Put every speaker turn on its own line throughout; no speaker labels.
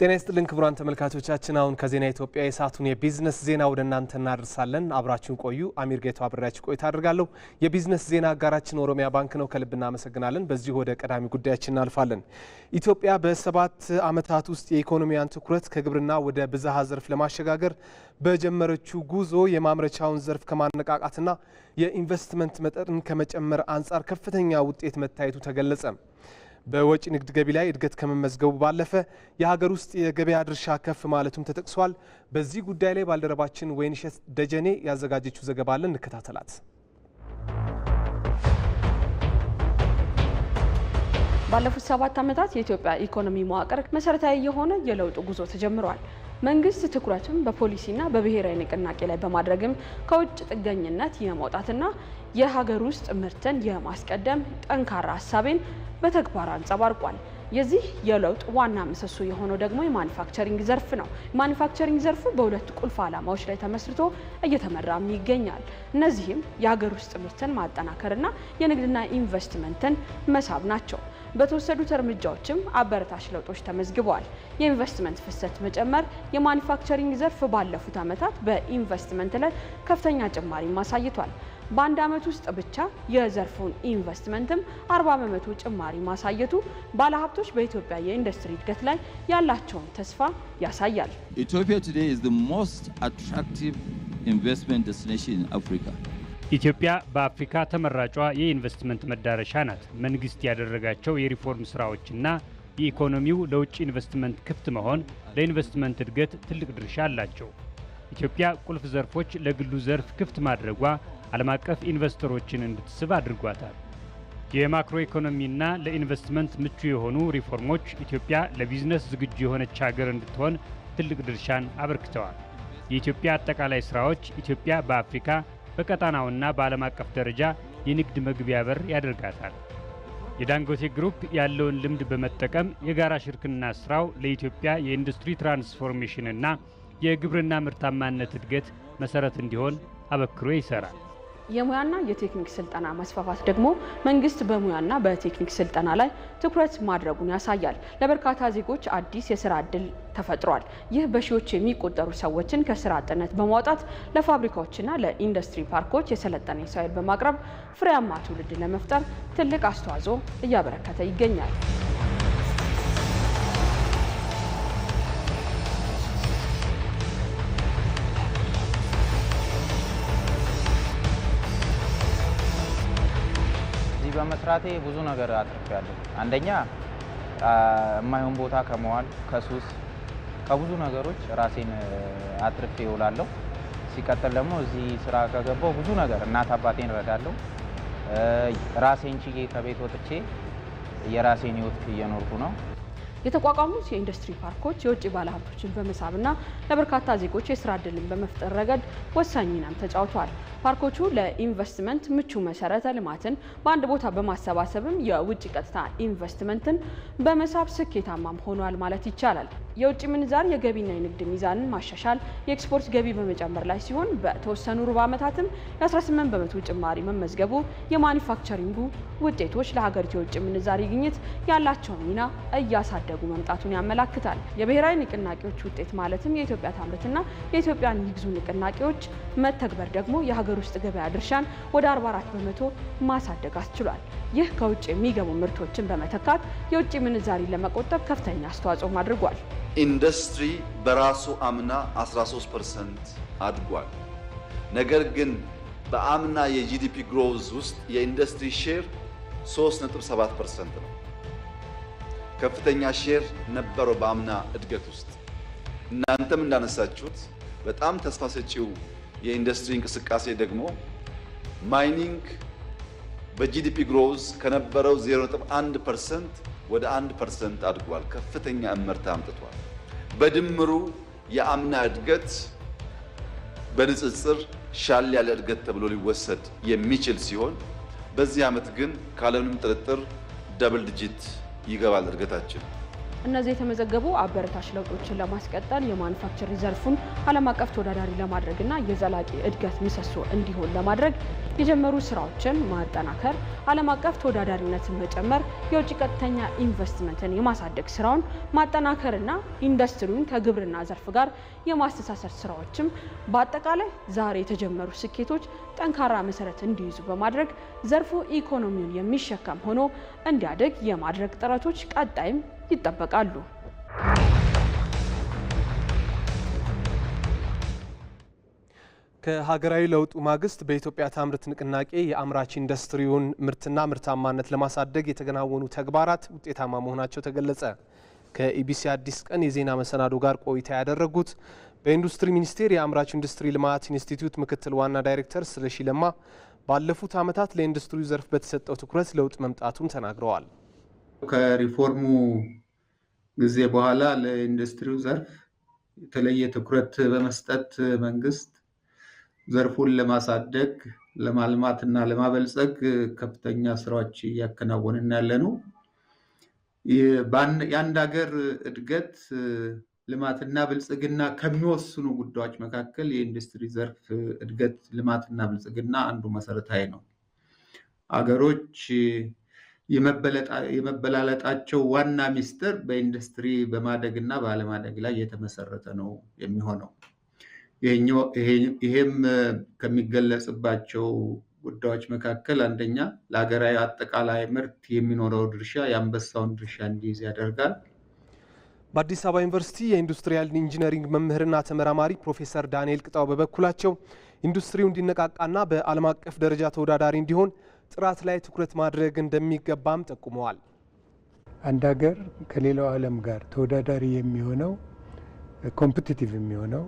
ጤና ይስጥልን ክቡራን ተመልካቾቻችን፣ አሁን ከዜና ኢትዮጵያ የሰዓቱን የቢዝነስ ዜና ወደ እናንተ እናደርሳለን። አብራችሁን ቆዩ። አሚር ጌቱ አብሬያችሁ ቆይታ አድርጋለሁ። የቢዝነስ ዜና አጋራችን ኦሮሚያ ባንክ ነው። ከልብ እናመሰግናለን። በዚሁ ወደ ቀዳሚ ጉዳያችን እናልፋለን። ኢትዮጵያ በሰባት ዓመታት ውስጥ የኢኮኖሚያን ትኩረት ከግብርና ወደ ብዝሃ ዘርፍ ለማሸጋገር በጀመረችው ጉዞ የማምረቻውን ዘርፍ ከማነቃቃትና የኢንቨስትመንት መጠን ከመጨመር አንጻር ከፍተኛ ውጤት መታየቱ ተገለጸ። በወጪ ንግድ ገቢ ላይ እድገት ከመመዝገቡ ባለፈ የሀገር ውስጥ የገበያ ድርሻ ከፍ ማለቱም ተጠቅሷል። በዚህ ጉዳይ ላይ ባልደረባችን ወይንሸት ደጀኔ ያዘጋጀችው ዘገባ አለን፣ እንከታተላት።
ባለፉት ሰባት ዓመታት የኢትዮጵያ ኢኮኖሚ መዋቅር መሰረታዊ የሆነ የለውጥ ጉዞ ተጀምሯል። መንግስት ትኩረቱን በፖሊሲና በብሔራዊ ንቅናቄ ላይ በማድረግም ከውጭ ጥገኝነት የመውጣትና የሀገር ውስጥ ምርትን የማስቀደም ጠንካራ ሀሳቤን በተግባር አንጸባርቋል። የዚህ የለውጥ ዋና ምሰሶ የሆነው ደግሞ የማኒፋክቸሪንግ ዘርፍ ነው። ማኒፋክቸሪንግ ዘርፉ በሁለት ቁልፍ ዓላማዎች ላይ ተመስርቶ እየተመራም ይገኛል። እነዚህም የሀገር ውስጥ ምርትን ማጠናከርና የንግድና ኢንቨስትመንትን መሳብ ናቸው። በተወሰዱት እርምጃዎችም አበረታች ለውጦች ተመዝግበዋል። የኢንቨስትመንት ፍሰት መጨመር፣ የማኒፋክቸሪንግ ዘርፍ ባለፉት ዓመታት በኢንቨስትመንት ላይ ከፍተኛ ጭማሪ ማሳይቷል። በአንድ ዓመት ውስጥ ብቻ የዘርፉን ኢንቨስትመንትም 40 በመቶ ጭማሪ ማሳየቱ ባለሀብቶች በኢትዮጵያ የኢንዱስትሪ እድገት ላይ ያላቸውን ተስፋ ያሳያል።
ኢትዮጵያ ቱዴይ ኢዝ ዘ ሞስት አትራክቲቭ ኢንቨስትመንት ዴስቲኔሽን ኢን አፍሪካ
ኢትዮጵያ በአፍሪካ ተመራጯ የኢንቨስትመንት መዳረሻ ናት። መንግስት ያደረጋቸው የሪፎርም ስራዎችና የኢኮኖሚው ለውጭ ኢንቨስትመንት ክፍት መሆን ለኢንቨስትመንት እድገት ትልቅ ድርሻ አላቸው። ኢትዮጵያ ቁልፍ ዘርፎች ለግሉ ዘርፍ ክፍት ማድረጓ ዓለም አቀፍ ኢንቨስተሮችን እንድትስብ አድርጓታል። የማክሮ ኢኮኖሚና ለኢንቨስትመንት ምቹ የሆኑ ሪፎርሞች ኢትዮጵያ ለቢዝነስ ዝግጁ የሆነች ሀገር እንድትሆን ትልቅ ድርሻን አበርክተዋል። የኢትዮጵያ አጠቃላይ ስራዎች ኢትዮጵያ በአፍሪካ በቀጣናውና በዓለም አቀፍ ደረጃ የንግድ መግቢያ በር ያደርጋታል። የዳንጎቴ ግሩፕ ያለውን ልምድ በመጠቀም የጋራ ሽርክና ስራው ለኢትዮጵያ የኢንዱስትሪ ትራንስፎርሜሽንና የግብርና ምርታማነት እድገት መሰረት እንዲሆን አበክሮ ይሰራል።
የሙያና የቴክኒክ ስልጠና መስፋፋት ደግሞ መንግስት በሙያና በቴክኒክ ስልጠና ላይ ትኩረት ማድረጉን ያሳያል። ለበርካታ ዜጎች አዲስ የስራ እድል ተፈጥሯል። ይህ በሺዎች የሚቆጠሩ ሰዎችን ከስራ አጥነት በማውጣት ለፋብሪካዎችና ለኢንዱስትሪ ፓርኮች የሰለጠነ የሰው ኃይል በማቅረብ ፍሬያማ ትውልድ ለመፍጠር ትልቅ አስተዋጽኦ እያበረከተ ይገኛል።
በመስራቴ ብዙ ነገር አትርፌያለሁ። አንደኛ የማይሆን ቦታ ከመዋል ከሱስ፣ ከብዙ ነገሮች ራሴን አትርፌ እውላለሁ። ሲቀጥል ደግሞ እዚህ ስራ ከገባው ብዙ ነገር እናት አባቴን እረዳለሁ። ራሴን ችዬ ከቤት ወጥቼ የራሴን ህይወት እየኖርኩ ነው።
የተቋቋሙት የኢንዱስትሪ ፓርኮች የውጭ ባለሀብቶችን በመሳብና ለበርካታ ዜጎች የስራ እድልን በመፍጠር ረገድ ወሳኝ ሚናም ተጫውተዋል። ፓርኮቹ ለኢንቨስትመንት ምቹ መሰረተ ልማትን በአንድ ቦታ በማሰባሰብም የውጭ ቀጥታ ኢንቨስትመንትን በመሳብ ስኬታማም ሆኗል ማለት ይቻላል። የውጭ ምንዛር የገቢና የንግድ ሚዛንን ማሻሻል የኤክስፖርት ገቢ በመጨመር ላይ ሲሆን በተወሰኑ ሩብ ዓመታትም የ18 በመቶ ጭማሪ መመዝገቡ የማኒፋክቸሪንጉ ውጤቶች ለሀገሪቱ የውጭ ምንዛሪ ግኝት ያላቸውን ሚና እያሳደጉ መምጣቱን ያመላክታል። የብሔራዊ ንቅናቄዎች ውጤት ማለትም የኢትዮጵያ ታምርትና የኢትዮጵያን ይግዙ ንቅናቄዎች መተግበር ደግሞ የሀገር ውስጥ ገበያ ድርሻን ወደ 44 በመቶ ማሳደግ አስችሏል። ይህ ከውጭ የሚገቡ ምርቶችን በመተካት የውጭ ምንዛሪ ለመቆጠብ ከፍተኛ አስተዋጽኦም አድርጓል።
ኢንዱስትሪ በራሱ አምና 13 ፐርሰንት አድጓል። ነገር ግን በአምና የጂዲፒ ግሮዝ ውስጥ የኢንዱስትሪ ሼር 3.7 ፐርሰንት ነው። ከፍተኛ ሼር ነበረው በአምና እድገት ውስጥ። እናንተም እንዳነሳችሁት በጣም ተስፋ ሰጪው የኢንዱስትሪ እንቅስቃሴ ደግሞ ማይኒንግ በጂዲፒ ግሮዝ ከነበረው 0.1 ፐርሰንት ወደ 1 ፐርሰንት አድጓል። ከፍተኛ እመርታ አምጥቷል። በድምሩ የአምና እድገት በንጽጽር ሻል ያለ እድገት ተብሎ ሊወሰድ የሚችል ሲሆን በዚህ ዓመት ግን ካለምንም ጥርጥር ደብል ዲጂት ይገባል እድገታችን።
እነዚህ የተመዘገቡ አበረታች ለውጦችን ለማስቀጠል የማኑፋክቸር ዘርፉን ዓለም አቀፍ ተወዳዳሪ ለማድረግና የዘላቂ እድገት ምሰሶ እንዲሆን ለማድረግ የጀመሩ ስራዎችን ማጠናከር፣ ዓለም አቀፍ ተወዳዳሪነትን መጨመር፣ የውጭ ቀጥተኛ ኢንቨስትመንትን የማሳደግ ስራውን ማጠናከርና ኢንዱስትሪውን ከግብርና ዘርፍ ጋር የማስተሳሰር ስራዎችም በአጠቃላይ ዛሬ የተጀመሩ ስኬቶች ጠንካራ መሰረት እንዲይዙ በማድረግ ዘርፉ ኢኮኖሚውን የሚሸከም ሆኖ እንዲያደግ የማድረግ ጥረቶች ቀጣይም ይጠበቃሉ።
ከሀገራዊ ለውጡ ማግስት በኢትዮጵያ ታምርት ንቅናቄ የአምራች ኢንዱስትሪውን ምርትና ምርታማነት ለማሳደግ የተከናወኑ ተግባራት ውጤታማ መሆናቸው ተገለጸ። ከኢቢሲ አዲስ ቀን የዜና መሰናዶ ጋር ቆይታ ያደረጉት በኢንዱስትሪ ሚኒስቴር የአምራች ኢንዱስትሪ ልማት ኢንስቲትዩት ምክትል ዋና ዳይሬክተር ስለሺ ለማ ባለፉት ዓመታት ለኢንዱስትሪው ዘርፍ በተሰጠው ትኩረት ለውጥ መምጣቱን ተናግረዋል።
ከሪፎርሙ ጊዜ በኋላ ለኢንዱስትሪው ዘርፍ የተለየ ትኩረት በመስጠት መንግስት ዘርፉን ለማሳደግ ለማልማት እና ለማበልጸግ ከፍተኛ ስራዎች እያከናወንን ያለ ነው። የአንድ ሀገር እድገት ልማትና ብልጽግና ከሚወስኑ ጉዳዮች መካከል የኢንዱስትሪ ዘርፍ እድገት ልማትና ብልጽግና አንዱ መሰረታዊ ነው። አገሮች የመበላለጣቸው ዋና ሚስጥር በኢንዱስትሪ በማደግ ባለማደግ ላይ የተመሰረተ ነው የሚሆነው። ይሄም ከሚገለጽባቸው ጉዳዮች መካከል አንደኛ ለሀገራዊ አጠቃላይ ምርት የሚኖረው ድርሻ የአንበሳውን ድርሻ እንዲይዝ ያደርጋል።
በአዲስ አበባ ዩኒቨርሲቲ የኢንዱስትሪያል ኢንጂነሪንግ መምህርና ተመራማሪ ፕሮፌሰር ዳንኤል ቅጣው በበኩላቸው ኢንዱስትሪው እንዲነቃቃና በዓለም አቀፍ ደረጃ ተወዳዳሪ እንዲሆን ጥራት ላይ ትኩረት ማድረግ እንደሚገባም ጠቁመዋል።
አንድ ሀገር ከሌላው ዓለም ጋር ተወዳዳሪ የሚሆነው ኮምፕቲቲቭ የሚሆነው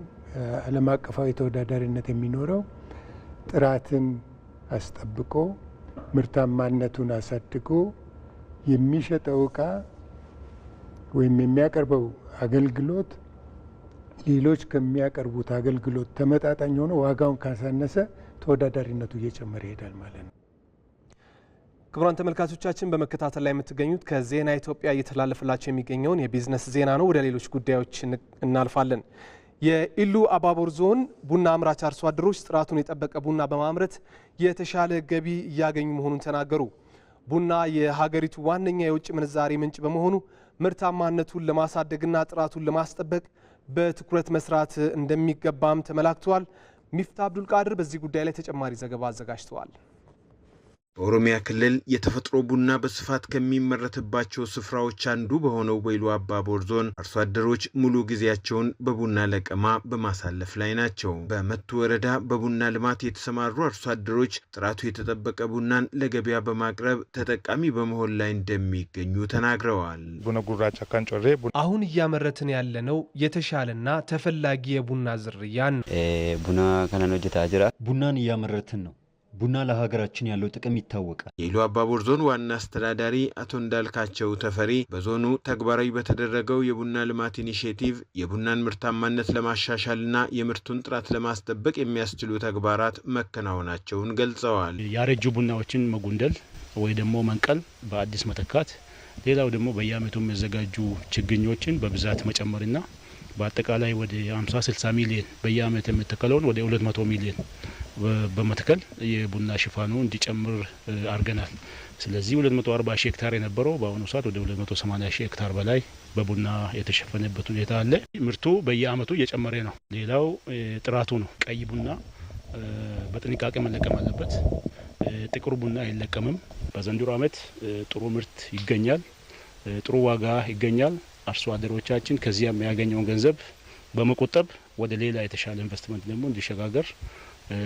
ዓለም አቀፋዊ ተወዳዳሪነት የሚኖረው ጥራትን አስጠብቆ ምርታማነቱን አሳድጎ የሚሸጠው እቃ ወይም የሚያቀርበው አገልግሎት ሌሎች ከሚያቀርቡት አገልግሎት ተመጣጣኝ ሆኖ ዋጋውን ካሳነሰ ተወዳዳሪነቱ እየጨመረ ይሄዳል ማለት ነው።
ክቡራን ተመልካቾቻችን በመከታተል ላይ የምትገኙት ከዜና ኢትዮጵያ እየተላለፈላቸው የሚገኘውን የቢዝነስ ዜና ነው። ወደ ሌሎች ጉዳዮች እናልፋለን። የኢሉ አባቦር ዞን ቡና አምራች አርሶ አደሮች ጥራቱን የጠበቀ ቡና በማምረት የተሻለ ገቢ እያገኙ መሆኑን ተናገሩ። ቡና የሀገሪቱ ዋነኛ የውጭ ምንዛሬ ምንጭ በመሆኑ ምርታማነቱን ለማሳደግና ጥራቱን ለማስጠበቅ በትኩረት መስራት እንደሚገባም ተመላክተዋል። ሚፍታ አብዱልቃድር በዚህ ጉዳይ ላይ ተጨማሪ ዘገባ አዘጋጅተዋል።
በኦሮሚያ ክልል የተፈጥሮ ቡና በስፋት ከሚመረትባቸው ስፍራዎች አንዱ በሆነው ወይሎ አባቦር ዞን አርሶ አደሮች ሙሉ ጊዜያቸውን በቡና ለቀማ በማሳለፍ ላይ ናቸው። በመቱ ወረዳ በቡና ልማት የተሰማሩ አርሶ አደሮች ጥራቱ የተጠበቀ ቡናን ለገበያ በማቅረብ ተጠቃሚ በመሆን ላይ እንደሚገኙ ተናግረዋል።
አሁን እያመረትን ያለነው የተሻለና ተፈላጊ የቡና ዝርያን
ቡና ጅራ ቡናን እያመረትን ነው ቡና ለሀገራችን ያለው ጥቅም ይታወቃል።
የኢሉ አባቦር ዞን ዋና አስተዳዳሪ አቶ እንዳልካቸው ተፈሪ በዞኑ ተግባራዊ በተደረገው የቡና ልማት ኢኒሽቲቭ የቡናን ምርታማነት ለማሻሻልና የምርቱን ጥራት ለማስጠበቅ የሚያስችሉ ተግባራት መከናወናቸውን ገልጸዋል።
ያረጁ ቡናዎችን መጉንደል ወይ ደግሞ መንቀል፣ በአዲስ መተካት፣ ሌላው ደግሞ በየአመቱ የሚዘጋጁ ችግኞችን በብዛት መጨመርና በአጠቃላይ ወደ 50 60 ሚሊዮን በየአመት የምትከለውን ወደ 200 ሚሊዮን በመትከል የቡና ሽፋኑ እንዲጨምር አድርገናል። ስለዚህ 240 ሺህ ሄክታር የነበረው በአሁኑ ሰዓት ወደ 280 ሺህ ሄክታር በላይ በቡና የተሸፈነበት ሁኔታ አለ። ምርቱ በየአመቱ እየጨመረ
ነው። ሌላው ጥራቱ ነው። ቀይ ቡና በጥንቃቄ መለቀም አለበት። ጥቁር ቡና አይለቀምም። በዘንድሮ አመት ጥሩ ምርት ይገኛል፣ ጥሩ ዋጋ ይገኛል። አርሶ አደሮቻችን ከዚያ የሚያገኘውን ገንዘብ በመቆጠብ ወደ ሌላ የተሻለ ኢንቨስትመንት ደግሞ እንዲሸጋገር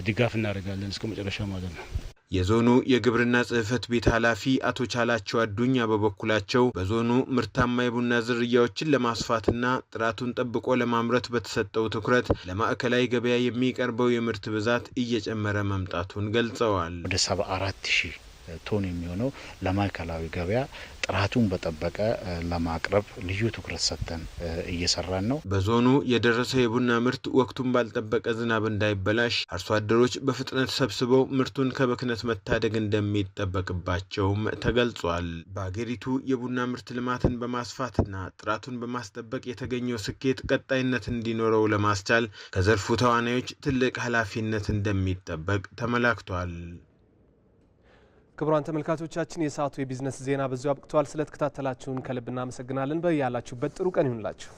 ድጋፍ እናደርጋለን እስከ መጨረሻ ማለት ነው።
የዞኑ የግብርና ጽህፈት ቤት ኃላፊ አቶ ቻላቸው አዱኛ በበኩላቸው በዞኑ ምርታማ የቡና ዝርያዎችን ለማስፋትና ጥራቱን ጠብቆ ለማምረት በተሰጠው ትኩረት ለማዕከላዊ ገበያ የሚቀርበው የምርት ብዛት እየጨመረ መምጣቱን ገልጸዋል።
ወደ ሰባ አራት ሺህ ቶን የሚሆነው ለማዕከላዊ ገበያ ጥራቱን በጠበቀ ለማቅረብ ልዩ ትኩረት ሰጥተን
እየሰራን ነው። በዞኑ የደረሰ የቡና ምርት ወቅቱን ባልጠበቀ ዝናብ እንዳይበላሽ አርሶ አደሮች በፍጥነት ሰብስበው ምርቱን ከብክነት መታደግ እንደሚጠበቅባቸውም ተገልጿል።
በአገሪቱ የቡና ምርት ልማትን በማስፋትና ጥራቱን በማስጠበቅ የተገኘው ስኬት ቀጣይነት እንዲኖረው ለማስቻል ከዘርፉ ተዋናዮች ትልቅ ኃላፊነት እንደሚጠበቅ ተመላክቷል።
ክቡራን ተመልካቾቻችን የሰዓቱ የቢዝነስ ዜና በዚሁ አብቅተዋል። ስለተከታተላችሁን ከልብ እናመሰግናለን። በያላችሁበት ጥሩ ቀን ይሁንላችሁ።